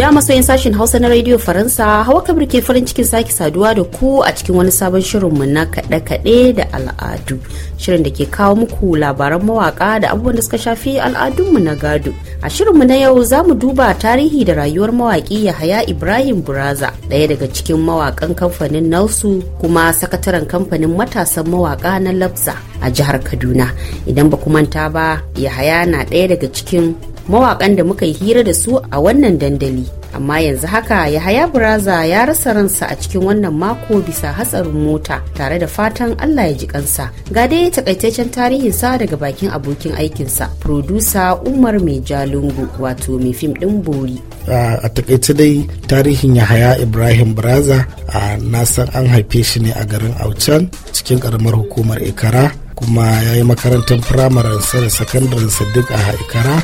Ja masoyin sashen Hausa na Radio Faransa hawa kabir ke farin cikin sake saduwa da ku a cikin wani sabon shirinmu na kaɗe-kaɗe da al'adu. Shirin da ke kawo muku labaran mawaka da abubuwan da suka shafi al'adunmu na gado. A shirin mu na yau za mu duba tarihi da rayuwar mawaki Yahaya Ibrahim Buraza, ɗaya daga cikin mawakan kamfanin Nausu kuma sakataren kamfanin matasan mawaƙa na Labza a jihar Kaduna. Idan ba ku manta ba, Yahaya na ɗaya daga cikin mawakan da muka yi hira da su a wannan dandali amma yanzu haka yahaya buraza ya rasa ransa a cikin wannan mako bisa hatsarin mota tare da fatan allah ya ji kansa ga dai takaitaccen tarihin sa daga bakin abokin aikinsa produsa umar mai jalungu wato mai fim din bori a takaice dai tarihin yahaya ibrahim buraza na san an haife shi ne a garin aucan cikin karamar hukumar ikara kuma ya yi makarantar firamarensa da sa duk a haikara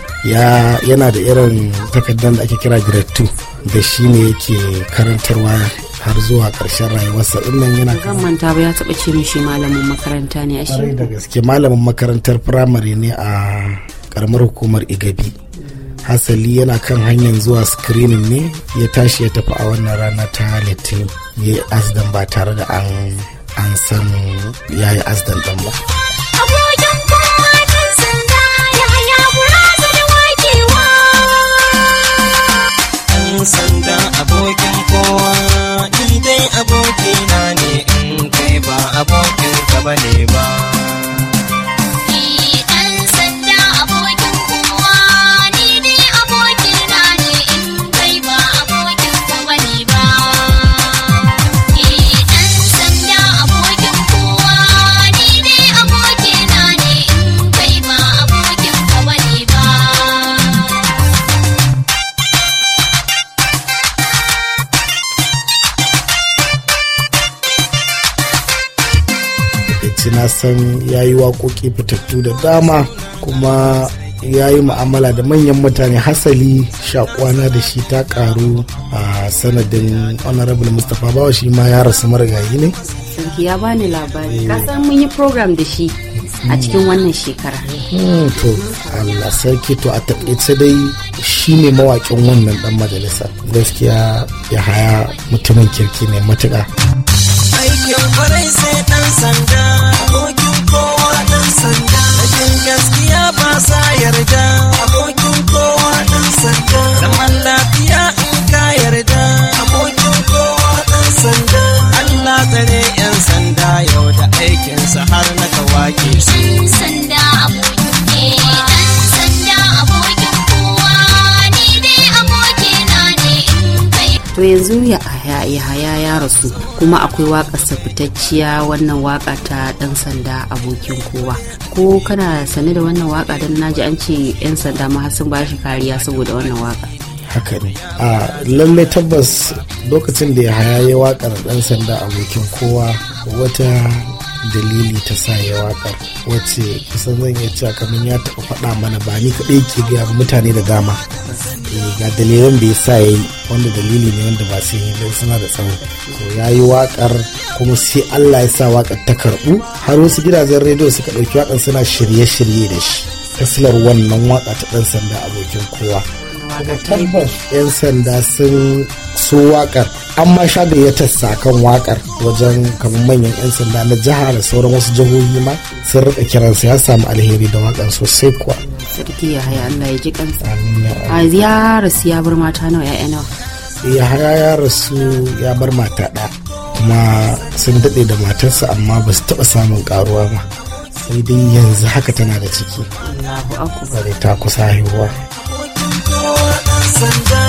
yana da irin takardar da ake kira grade 2 da shi ne yake karantarwa har zuwa karshen rayuwarsa nan yana kan ba ya taɓa ce mishi malamin makaranta ne a shi da gaske malamin makarantar firamare ne a karamar hukumar igabi hasali yana kan hanyar zuwa screening ne ya tashi ya tafi a wannan rana ta litinin ya yi asdan ba tare da an san ya yi asdan ba. yan sanda abokin kowa in dai abokina ne in kai ba abokin ka bane ba san ya yi waƙoƙi fitattu da dama kuma ya yi mu'amala da manyan mutane hasali shakwana da shi ta karu a sanadin honorable mustapha bawa shi ma ya rasu marigayi ne sarki ya bani labari eh. san mun yi program da shi a hmm. cikin wannan shekara hmm, to allah sarki to a taƙaice dai shi ne mawaƙin wannan dan majalisa gaskiya ya haya mutumin kirki ne matuƙa aikin sai dan sanda sanda rashin gaskiya ba sa yarda abokin kowa dan sanda zaman lafiya in ka yarda abokin kowa dan sanda Allah tsare yan sanda yau da aikinsa har na kawake su sanda abokin to yanzu ya haya ya rasu kuma akwai waƙarsa fitacciya wannan waƙa ta ɗan sanda abokin kowa ko kana sane da wannan waka don naji an ce 'yan sanda ma sun ba shi kariya saboda wannan waƙa haka ne a lalle tabbas lokacin da ya haya ya waƙar ɗan sanda abokin kowa wata dalili ta sa ya wakar wacce kusan zan iya cewa kamar ya taɓa faɗa mana ba ni kaɗai ke gaya ba mutane da dama eh, ga dalilan da ya sa ya yi wanda dalili ne wanda ba sai yi suna da tsawo to ya yi wakar kuma sai Allah ya sa wakar ta karɓu har wasu gidajen rediyo suka ɗauki wakar suna shirye-shirye da shi kasilar wannan waka ta ɗan sanda abokin kowa kuma 'yan sanda sun so wakar an ma sha tassa kan wakar wajen kamar manyan 'yan sanda na jiha da sauran wasu jihohi ma sun rika kiransa ya samu alheri da wakar sosai kuwa sarki ya haya Allah ya ji kansa a ya rasu ya bar mata nawa ya nawa ya haya ya rasu ya bar mata ɗa kuma sun daɗe da matarsa amma ba su taɓa samun ƙaruwa ba sai dai yanzu haka tana da ciki ta kusa haihuwa Sunday.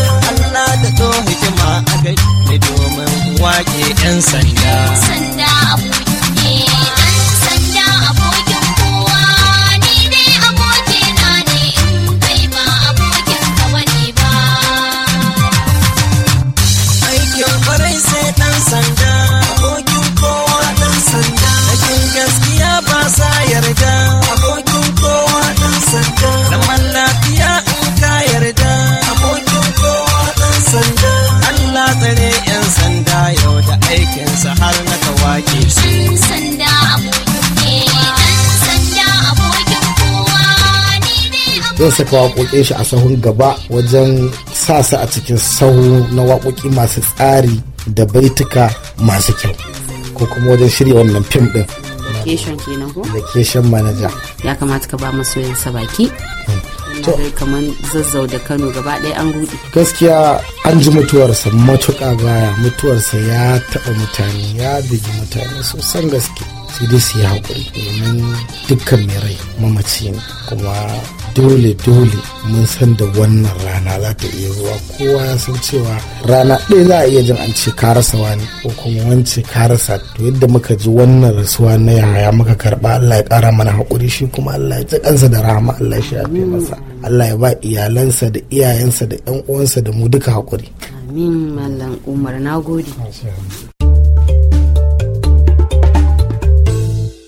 zan saka waƙoƙin shi a sahun gaba wajen sa su a cikin sahu na waƙoƙi masu tsari da baituka masu kyau ko kuma wajen shirya wannan fim din location manager ya kamata ka ba masoyansa baki hmm. to kamar zazzau da kano gaba ɗaya an rudi gaskiya an ji mutuwarsa matuƙa gaya mutuwarsa ya taɓa mutane ya bigi mutane sosan gaske sai dai su yi haƙuri domin dukkan mai rai mamaci ne kuma dole dole mun san da wannan rana za ta iya zuwa kowa ya san cewa rana ɗaya za a iya jin an ce ka rasa wani ko kuma wance ka rasa to yadda muka ji wannan rasuwa na yaya muka karba Allah ya ƙara mana haƙuri shi kuma Allah ya ji kansa da rahama Allah ya shafe masa Allah ya ba iyalansa da iyayensa da 'yan uwansa da mu duka haƙuri. Amin Mallam Umar na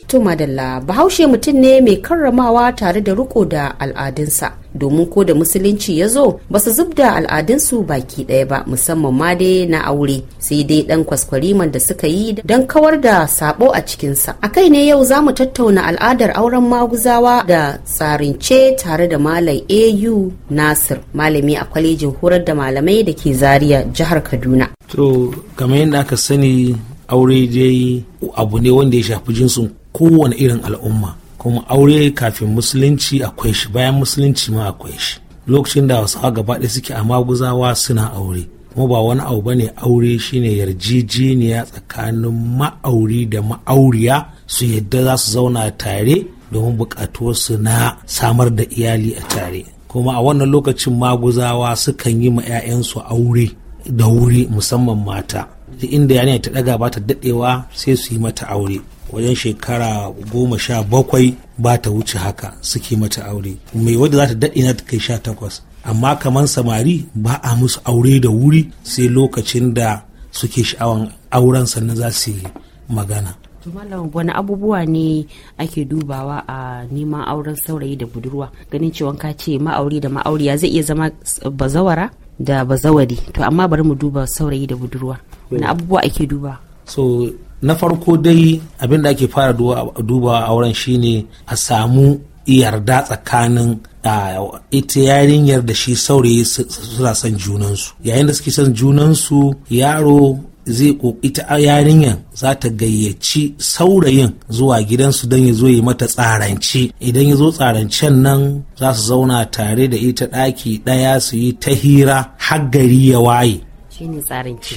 To madalla bahaushe mutum ne mai karramawa tare da riko da al'adunsa domin ko da musulunci ya zo ba su zub da al'adunsu baki ɗaya ba musamman ma dai na aure sai dai ɗan kwaskwariman da suka yi don kawar da sabo a cikinsa. A kai ne yau za mu tattauna al'adar auren maguzawa da tsarince tare da malam AU Nasir malami a kwalejin horar da malamai da ke Zaria jihar Kaduna. To kamar yadda aka sani aure dai abu ne wanda ya shafi jinsin kowane irin al'umma kuma aure kafin musulunci akwai shi bayan musulunci ma akwai shi lokacin da wasu gaba ɗaya suke a maguzawa suna aure kuma ba wani abu bane aure shine yarjejeniya tsakanin ma'auri da ma'auriya su yadda za su zauna tare domin buƙatuwarsu na samar da iyali a tare kuma a wannan lokacin maguzawa sukan yi ma 'ya'yansu aure da wuri musamman mata duk inda yanayi ta daga ba ta dadewa sai su yi mata aure wajen shekara goma sha bakwai ba ta wuce haka suke mata aure mai wadda za ta daɗe na kai sha takwas amma kamar samari ba a musu aure da wuri sai lokacin da suke sha'awan auren sannan za su yi magana wani abubuwa ne ake dubawa a neman auren saurayi da budurwa ganin cewa ka ce ma'auri da ma'auriya zai iya zama bazawara da bazawari to amma bari mu duba saurayi da budurwa na abubuwa ake duba so na farko dai abin da ake fara duba a wurin shine a samu yarda tsakanin ita yarinyar da shi saurayi suna son junansu yayin da suke son junansu yaro zai ita yarinyar za ta gayyaci saurayin zuwa gidansu don ya zo ya mata tsarance idan ya zo tsarancen nan za su zauna tare da ita ɗaki ɗaya su yi ta hira har ya waye Shi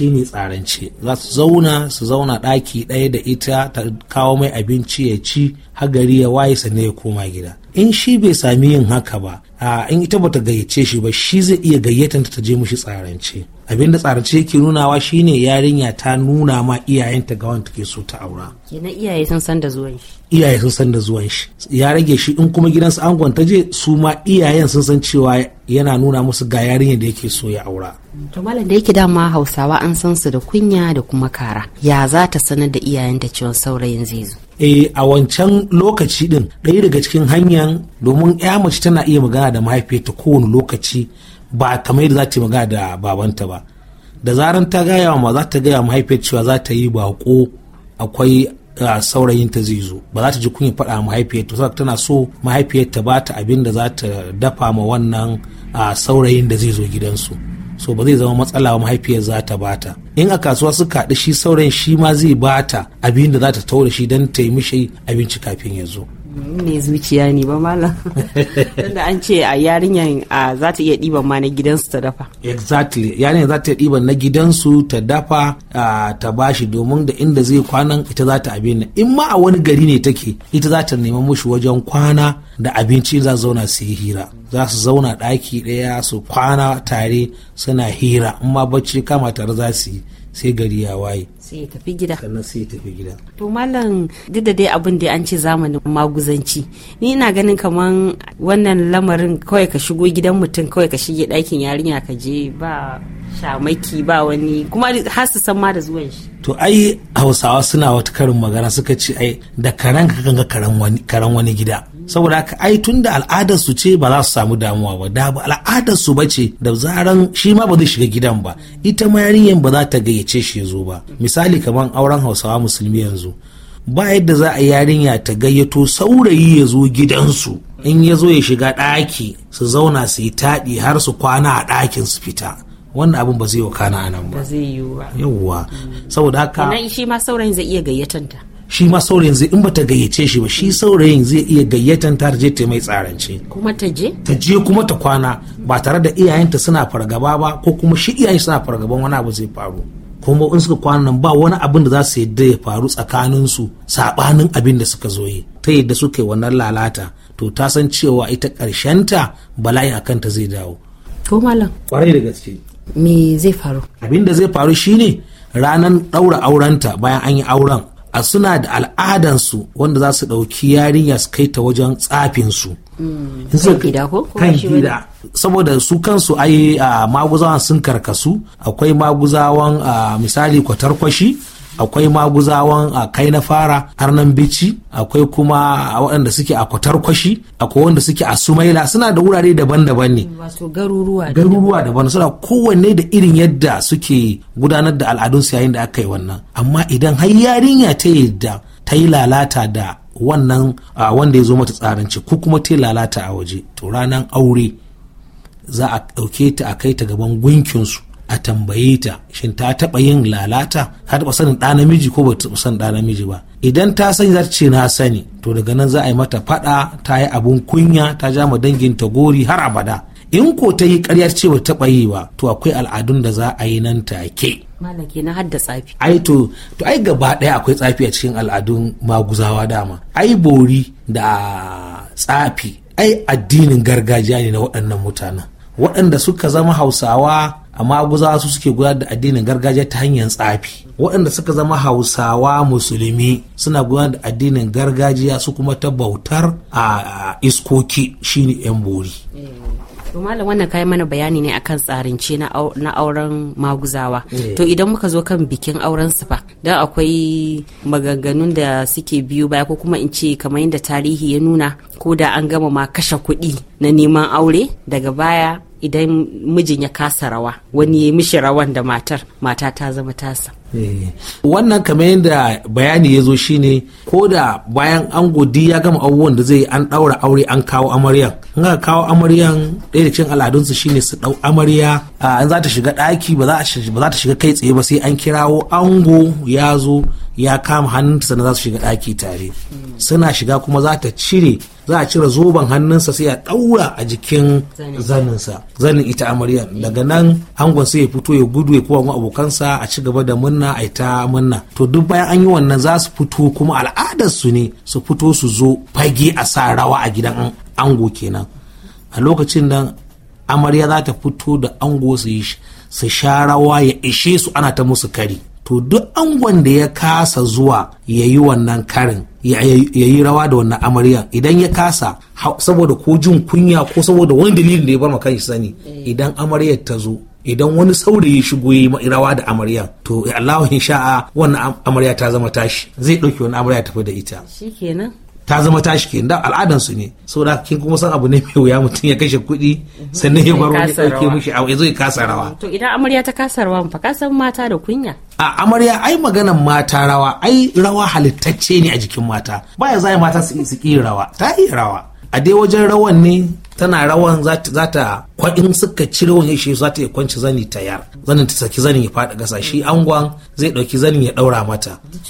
ne tsarance za su zauna su zauna ɗaki ɗaya da ita ta kawo mai abinci ya ci hagari ya waye sannan ya koma gida in shi bai sami yin haka ba in ita bata gayyace shi ba shi zai iya gayyatanta ta je mushi tsarance abin da tsarace yake nunawa shine yarinya ta nuna ma iyayenta ga wanda take so ta aura iyaye sun san da zuwan shi iyaye shi ya rage shi in kuma gidansu angon ta je su ma iyayen sun san cewa yana nuna musu ga yarinya da yake so ya aura to malam da yake dama hausawa an san su da kunya da kuma kara ya za ta sanar da iyayenta cewa saurayin zai zo e a wancan lokaci din ɗaya daga cikin hanyar domin ya mace tana iya magana da mahaifiyarta kowane lokaci ba kamar yadda za ta yi magana da babanta ba da zaran ta gaya ma za ta gaya mahaifiyar cewa za ta yi bako akwai saurayin ta zai zo ba za ta ji kunya faɗa mahaifiyar ta tana so mahaifiyar ta ba ta abin da za ta dafa ma wannan saurayin da zai zo gidansu so ba zai zama matsala wa mahaifiyar za ta bata in a kasuwa suka haɗu shi saurayin shi ma zai bata abin da za ta taura shi don ta yi mishi abinci kafin ya zo ne zuciya ne ba malam tunda an ce a yarinyar za ta iya ɗiban ma na gidansu ta dafa exactly yarinyar za ta iya ɗiban na gidansu ta dafa ta bashi domin da inda zai kwanan ita za ta abin in ma a wani gari ne take ita za ta nemi mushi wajen kwana da abinci za su zauna su yi hira za su zauna ɗaki ɗaya su kwana tare suna hira in ma bacci kama tare za su yi sai gari ya waye sai ya tafi gida sannan sai ya tafi gida to malam duk da dai abin da an ce zamanin maguzanci ni ina ganin kamar wannan lamarin kawai ka shigo gidan mutum kawai ka shige ɗakin yarinya ka je ba shamaki ba wani kuma har su san ma da zuwan shi to ai hausawa suna wata karin magana suka ce ai da karen ka kanga karen wani gida saboda haka ai tun al'adar su ce ba za su samu damuwa ba da al'adar su ba ce da zaran shi ma ba zai shiga gidan ba ita ma yarinyar ba za ta gayyace shi ya zo ba misali kamar auren hausawa musulmi yanzu ba yadda za a yarinya ta gayyato saurayi ya zo gidansu in ya zo ya shiga ɗaki su zauna su yi taɗi har su kwana a ɗakin su fita wannan abin ba zai yi wa kana anan ba ba zai yi wa yawwa saboda haka nan shi ma saurayin zai iya gayyatanta shi ma saurayin zai in ba ta gayyace shi ba shi saurayin zai iya gayyatan ta je ta mai tsarance kuma ta je ta je kuma ta kwana ba tare da iyayenta suna fargaba ba ko kuma shi iyayen suna fargaban wani abu zai faru kuma in suka kwana nan ba wani abin da za su yadda ya faru tsakanin su sabanin abin da suka zo yi ta yadda suka yi wannan lalata to ta san cewa ita ta bala'i a kanta zai dawo ko malam kwarai da gaske me zai faru abin da zai faru shine ranan daura aurenta bayan an yi auren a suna da al'adansu wanda za su ɗauki yarinya su kai ta wajen tsafinsu mm. kan gida saboda su kansu ai a maguzawan sun karkasu akwai maguzawan misali kwatarkwashi akwai maguzawan a kai na fara arnan bici akwai kuma waɗanda suke a kwatarkwashi akwai wanda suke a sumaila suna da wurare daban-daban ne garuruwa daban suna kowanne da irin yadda suke gudanar da al'adunsu yayin da aka yi wannan amma idan har yarinya ta yadda ta yi lalata da wannan a wanda ya zo mata tsaranci ko kuma ta yi lalata a waje to ranar aure za a ɗauke ta a kai ta gaban gunkinsu a tambaye ta shin ta taɓa yin lalata ta taɓa sanin ɗa namiji ko bata taɓa sanin ɗa namiji ba idan ta sani za ta ce na sani to daga nan za a yi mata faɗa ta yi abun kunya ta ja ma dangin ta gori har abada in ko ta yi karyar ce ba taɓa yi ba to akwai al'adun da za a yi nan take malam na hadda tsafi ai to to ai gaba ɗaya akwai tsafi a cikin al'adun maguzawa dama ai bori da tsafi ai addinin gargajiya ne na waɗannan mutanen waɗanda suka zama hausawa amma aguzawa su suke gudanar da addinin gargajiya ta hanyar tsafi waɗanda suka zama hausawa musulmi suna gudanar da addinin gargajiya su kuma ta bautar a iskoki shine yan bori eh. malam wannan kai mana bayani ne akan tsarince na auren maguzawa eh. to idan muka zo kan bikin auren su fa dan akwai maganganun da suke biyu baya ko kuma in ce kamar yadda tarihi ya nuna ko da an gama ma kashe kuɗi na neman aure daga baya idan mijin ya kasa rawa wani ya mishi rawan da matar mata ta zama tasa eh. wannan kamar yadda bayani ya zo shine ko da bayan an godi ya gama abubuwan da zai an ɗaura aure an kawo amaryan in aka kawo amaryan ɗaya da al'adun al'adunsu shine su ɗau amarya in za ta shiga ɗaki ba za ta shiga kai tsaye ba sai an kirawo ango ya zo ya kama hannunta sannan za su shiga ɗaki tare suna shiga kuma za ta cire za a cire zoben hannunsa sai a ɗaura a jikin zaninsa zanin ita amarya daga nan angon sai ya fito ya gudu ya kowa abokansa a ci gaba da munna a ta munna to duk bayan an yi wannan za su fito kuma al'adar su ne su fito su zo fage a sa rawa a gidan ango kenan a lokacin nan amarya za ta fito da ango su yi su sha rawa ya ishe su ana ta musu kari to duk angon da ya kasa zuwa ya yi wannan karin ya yi rawa da wannan amaryan idan ya kasa saboda ko jin kunya ko saboda wani dalilin da ya bar kan shi sani eh. idan amaryar ta zo idan wani saurayi shigo ya yi rawa da amaryar to Allahu sha'a wannan amarya ta zama tashi zai ɗauki wani amarya tafi da ita shikenan ta zama tashi ke da al'adan su ne saboda kin kuma san abu ne mai wuya mutum ya kashe kuɗi sannan ya baro ne ɗauke mishi a ya ya kasa rawa to idan amarya ta kasa rawa fa ka mata da kunya a amarya ai maganan mata rawa ai rawa halittacce ne a jikin mata baya zai mata su ki rawa ta yi rawa a dai wajen rawan ne tana rawan za ta kwaɗin suka cire wani shi za ta yi kwanci zani ta yar zanin ta saki zanin ya faɗi ƙasa shi angon zai ɗauki zanin ya ɗaura mata duk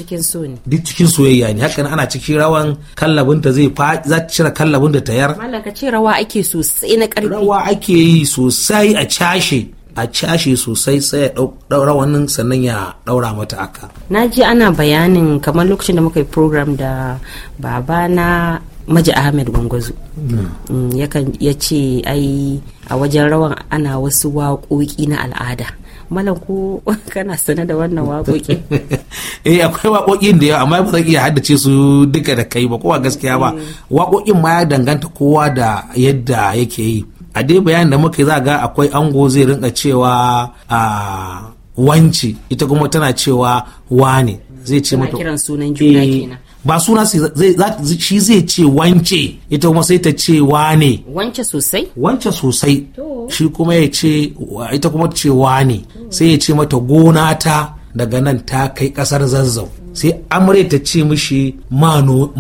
cikin soyayya ne hakan ana cikin rawan kallabin ta zai faɗi za ta cire kallabin da ta yar mallaka ce rawa ake sosai na ƙarfi rawa ake yi sosai a cashe a cashe sosai sai ya ɗaura wannan sannan ya ɗaura mata aka. Na ji ana bayanin kamar lokacin da muka yi program da babana. maji ahmed gwangwazo mm, yakan ya ce ai a wajen rawan ana wasu waƙoƙi na al'ada malam ko kana sane da wannan waƙoƙi eh akwai waƙoƙin da yawa amma ba zan iya haddace su duka da kai ba kowa gaskiya ba mm. waƙoƙin ma ya danganta kowa da yadda yake yi a dai bayanin da muka yi za ga akwai ango zai rinka cewa a wanci ita kuma tana cewa wane zai ce mata kiran sunan juna eh, kenan ba suna shi zai ce wance ita kuma sai ta ce wane wance sosai wance sosai shi kuma ya ce ita kuma ce wane sai ya ce mata gona ta daga nan ta kai kasar zazzau sai amure ta ce mishi mano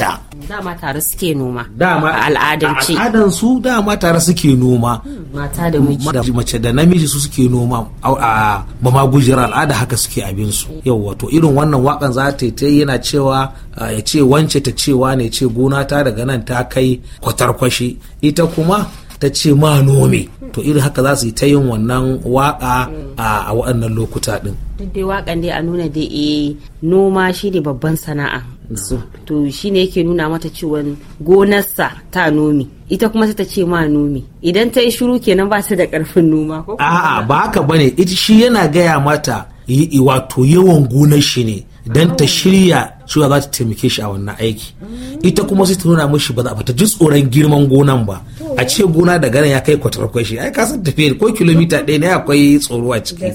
ta dama tare suke noma dama al'adance al'adan su dama tare suke noma hmm, mata da miji mace da namiji su suke noma a ba ma gujira al'ada haka suke abin su yau wato irin wannan wakan za ta ta yana cewa ya ce wance ta cewa ne ce gona ta daga nan ta kai kwatar kwashi ita kuma ta ce ma nome to irin haka za su yi ta yin wannan waka a waɗannan lokuta ɗin. duk dai wakan dai a nuna da eh, noma shi ne babban sana'a to shi ne yake nuna mata cewa gonarsa ta nomi ita kuma ta ce ma nomi idan ta yi shiru kenan ba ta da karfin noma ko a'a ba haka bane ita shi yana gaya mata wato yawan gonar shi ne dan ta shirya cewa za ta taimake shi a wannan aiki ita kuma sai ta nuna mishi ba za ta ji tsoron girman gonan ba a ce gona da nan ya kai kwatar shi ai san tafiyar ko kilomita ɗaya ne akwai tsoro a ciki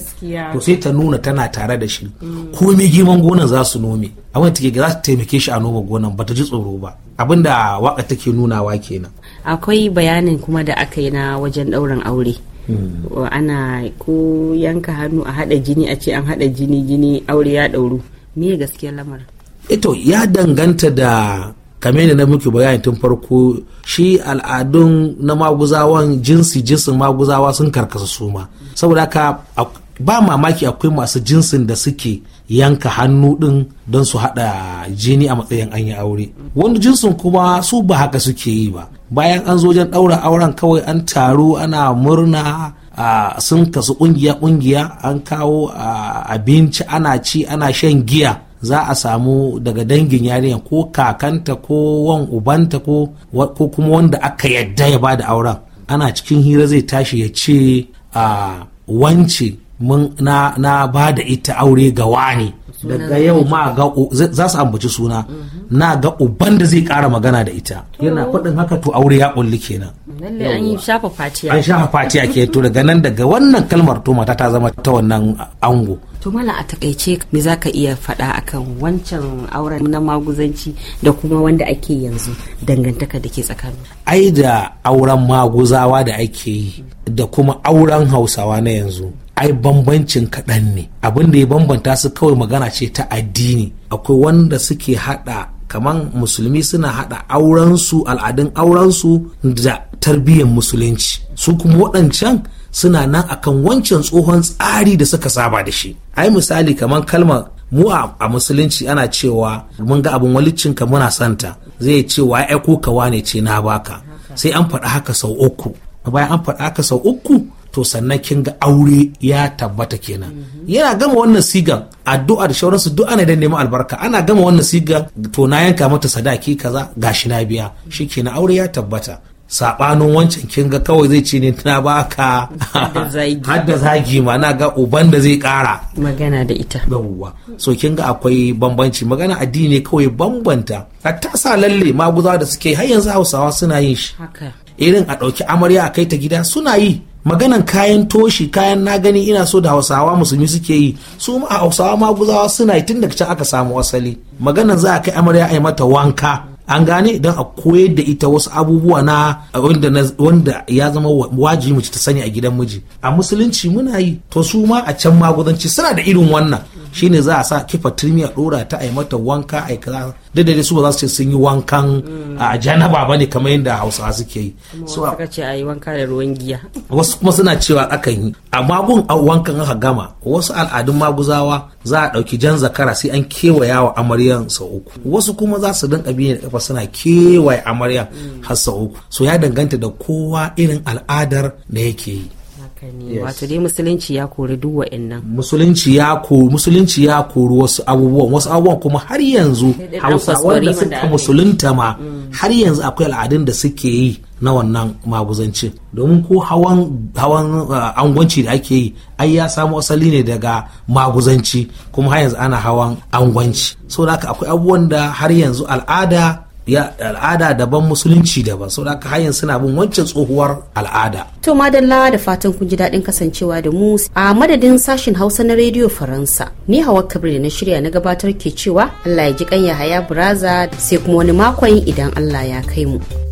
to sai ta nuna tana tare da shi mm. ko me girman gonan za su nome abin take za su taimake shi a noma gonan ba ta ji tsoro ba abinda waka take nunawa kenan akwai bayanin kuma da aka yi na wajen ɗaurin aure hmm. ana ko yanka hannu a haɗa jini a ce an haɗa jini jini aure ya ɗauru me gaskiyar lamar. ito eh ya danganta da kamar yadda na muke bayani tun farko shi al'adun na maguzawan jinsi jinsin maguzawa sun karkasa su ma saboda haka ba mamaki akwai masu jinsin da suke yanka hannu din don su hada jini a matsayin an yi aure wani jinsin kuma su ba haka suke yi ba bayan an zo wajen daura auren kawai an taru ana murna a sun kasu kungiya kungiya an kawo abinci ana ci ana shan giya za a samu daga dangin yarinya ko kakanta ko wan ubanta ko kuma wanda aka yadda ya bada auren ana cikin hira zai tashi ya ce a wance na, ba da ita aure ga wani daga yau ma ga za su ambaci suna mhm. na ga uban da zai kara magana da ita yana fadin haka to aure ya kulli kenan an shafa fatiya an shafa fatiya ke to daga nan daga wannan kalmar to mata ta zama ta wannan ango to mala a takaice me za ka iya faɗa akan wancan auren na maguzanci da kuma wanda ake yanzu dangantaka da ke tsakanin ai da auren maguzawa da ake yi da kuma auren hausawa na yanzu ai bambancin kaɗan ne abin da ya bambanta su kawai magana ce ta addini akwai wanda suke haɗa kamar musulmi suna haɗa aurensu al'adun aurensu da tarbiyyar musulunci su kuma waɗancan suna nan akan wancan tsohon tsari da suka saba da shi ai misali kamar kalmar mu a musulunci ana cewa mun ga abin walicinka muna santa zai cewa ya ko ka wane ce na baka sai an faɗa haka sau uku bayan an faɗa haka sau uku to sannan kin ga aure ya tabbata kenan yana gama wannan sigan addu'a da shauransu duk ana neman albarka ana gama wannan sigan to na yanka mata sadaki kaza gashi na biya shikenan aure ya tabbata sabanin wancan kin ga kawai zai ce ne tana baka har da zagi ma na ga uban da zai kara magana da ita yawwa so kin ga akwai bambanci magana addini kawai bambanta hatta sa lalle maguza da suke har yanzu Hausawa suna yin shi irin a ɗauki amarya a kai ta gida suna yi maganan kayan toshi kayan na gani ina so da hausawa musulmi suke yi su ma hausawa maguzawa suna yi tun daga can aka samu asali maganan za a kai amarya a yi mata wanka an gane idan a koyar da ita wasu abubuwa na wanda ya zama wajibi mace ta sani a gidan miji a musulunci muna yi to su ma a can magudanci suna da irin wannan shine za a sa kifa turmi a dora ta a mata wanka a kaza duk da su ba za su ce sun yi wankan a janaba ba ne kamar yadda hausawa suke yi so aka ce a yi wanka da ruwan giya wasu kuma suna cewa akan yi a magun wankan aka gama wasu al'adun maguzawa za a ɗauki jan zakara sai an kewaya wa amaryan sau uku wasu kuma za su dinka biyan da kafa suna kewaye amaryan har sau uku so ya danganta da kowa irin al'adar da yake yi wato dai musulunci ya kori duk wa'annan musulunci ya kori musulunci ya kori wasu abubuwan wasu abubuwan kuma har yanzu hausa da suka musulunta ma mm. har yanzu akwai al'adun da suke yi na wannan maguzanci. domin ko hawan hawan ah, angwanci da ake yi ai ya samo asali ne daga maguzanci kuma har yanzu ana hawan angwanci saboda haka akwai abubuwan da har yanzu al'ada ya al'ada daban musulunci daban da haka hayan suna bin wancan tsohuwar al'ada to madalla da fatan kun ji daɗin kasancewa da mu a madadin sashin hausa na rediyo faransa ni hawa kabir da na shirya na gabatar ke cewa allah ya ji kan yahaya buraza sai kuma wani makon idan allah ya kai mu